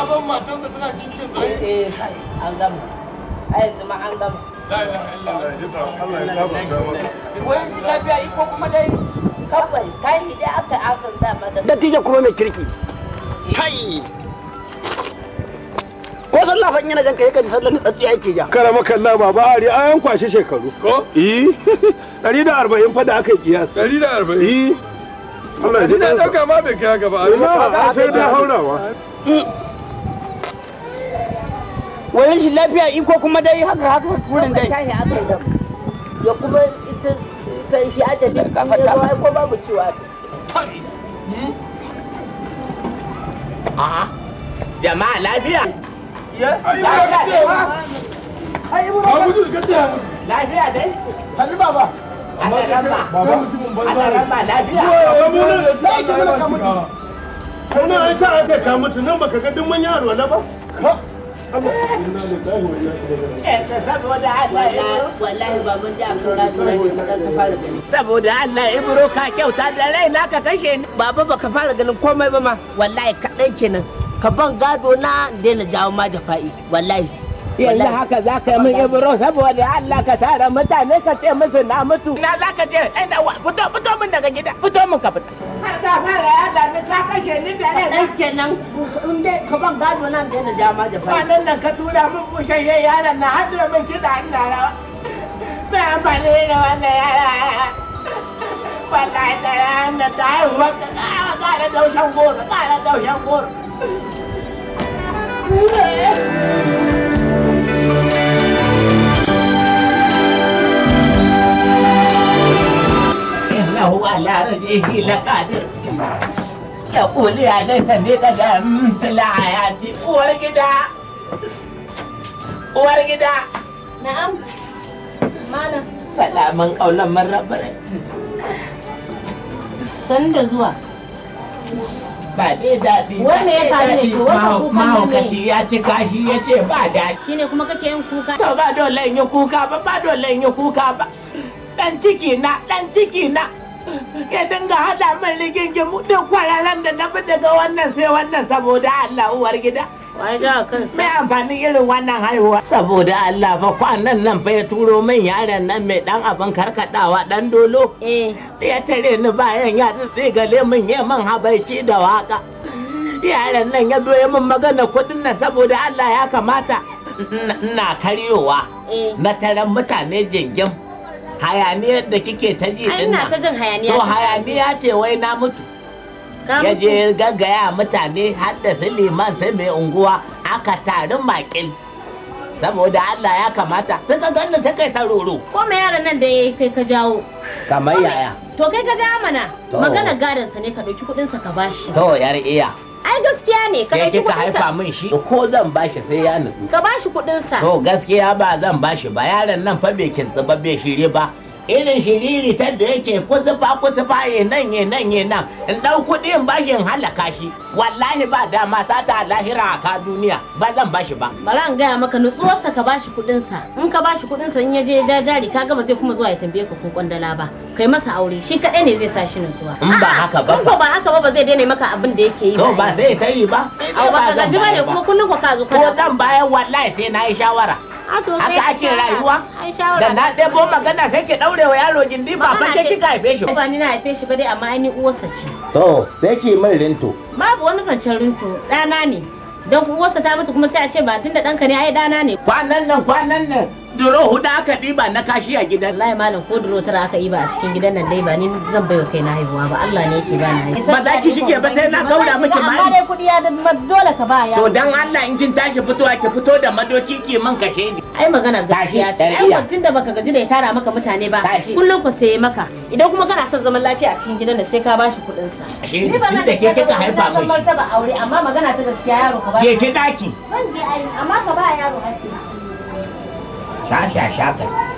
sabon matarsa tana jinkin tsaye eh, eh kai an gama ai yanzu ma an gama ya kuma mai kirki eh. kai ko sallah fan yana janka yake da yake ja kara maka Allah baba ari an kwashe shekaru ko eh 140 fa da aka kiyas 140 eh Allah ya ji dauka ma bai kai gaba sai da haurawa uh, wayan shi lafiya iko kuma dai haka haka wurin dai ya kuma ita ta shi ajalin kafa ta ai ko babu ciwa ta a hmm? jama'a lafiya ya ai ce ba ai ba ce lafiya dai baba Ana lafiya Ana kuma an ce aka kamutu nan baka ga duk manyan alwala ba saboda Allah ibro ka kyauta da rai na ka kashe ni baba baka fara ganin komai ba ma wallahi kaɗan kenan ka ban gado na na jawo ma fa'i wallahi yanzu haka za ka yi min ibro saboda Allah ka tara mutane ka ce musu na mutu na za ka ce fito fito min daga gida fito min ka fito har ta fara ya dame kaɗan kenan in dai ka ban gado nan dai na jama jafa kwanan nan ka tura min bushen yan yaran na har da mai kiɗa an na rawa mai amfani da wannan yara wallahi da yaran da ta haihuwa ka ƙara daushen goro ƙara daushen goro إنه على لقادر يقول يا ليتني قدمت لحياتي ورقدا ورقدا نعم malam salaman kaulan marrabarai san da zuwa ba dai daɗi wanda ya faru ne to wata mahaukaci ya ci kashi ya ce ba daɗi shine kuma kake yin kuka to ba dole in kuka ba ba dole in kuka ba dan ciki na dan ciki na ya dinga hada min mu duk kwararren da na bi daga wannan sai wannan saboda Allah uwar gida. Wai ga Mai amfanin irin wannan haihuwa. Saboda Allah fa kwanan nan fa ya turo min yaren nan mai dan abin karkadawa dan dolo. Eh. Ya tare ni bayan ya gale min ya man habaici da waka. Yaren nan ya zo ya min magana kudin nan saboda Allah ya kamata. Na karyowa. Eh. Na taron mutane jingin. hayaniyar da kike ta ji din nan to hayaniya ce wai na mutu ya je gaggaya mutane har da su liman sai mai unguwa aka tarin makin saboda Allah ya kamata sai ka ganna sai kai saroro ko me yaran nan da yayi kai ka jawo kamar yaya to kai ka jawo mana magana sa ne ka dauki kudin sa ka bashi to yar iya gaskiya ne ka kika kuɗin haifa min shi ko zan bashi sai ya nutsu ka bashi kuɗin sa to gaskiya ba zan bashi ba yaron nan fa bai kin ba bai shirye ba irin shiriritar da yake kusufa-kusufa, ya nan ya nan ya nan in ɗau kuɗin bashin halaka shi wallahi ba dama sata lahira a ka duniya ba zan bashi ba bara in gaya maka nutsuwarsa ka bashi kuɗinsa in ka bashi kuɗinsa in ya je ya jari ka gaba zai kuma zuwa ya tambaye ka kun kwandala ba kai masa aure shi kaɗai ne zai sa shi nutsuwa in ba haka ba ba haka ba ba zai daina maka abin da yake yi ba ba zai ta yi ba ba ga ji bane kuma kullun ka zo ka ko dan bayan wallahi sai na yi shawara haka ake rayuwa da na bo magana sai ke ɗaure wa yaro gindi ba fa ke kika haife shi ba ni na haife shi ba dai amma ni uwarsa ce to sai ki min rinto babu wani zancen rinto ɗana ne dan uwarsa ta mutu kuma sai a ce ba tunda ɗanka ne ai ɗana ne kwanan nan kwanan nan duro huda aka diba na kashi a gidan wallahi malam ko duro tara aka ɗiba a cikin gidan nan dai ba ni zan bayo kai na haihuwa ba Allah ne yake ba na haihuwa ba za ki shige ba sai na gauda miki mai amma dai kudi ya da dole ka ba ya to dan Allah in kin tashi fitowa ki fito da madoki ki man kashe ni ai magana gaskiya ce ai mutum da baka gaji da ya tara maka mutane ba kullum ku sai maka idan kuma kana son zaman lafiya a cikin gidan nan sai ka bashi kudin sa ni ba da ke kika haifa mai martaba aure amma magana ta gaskiya yaro ka ba ke ki daki ban je ai 啥啥下的。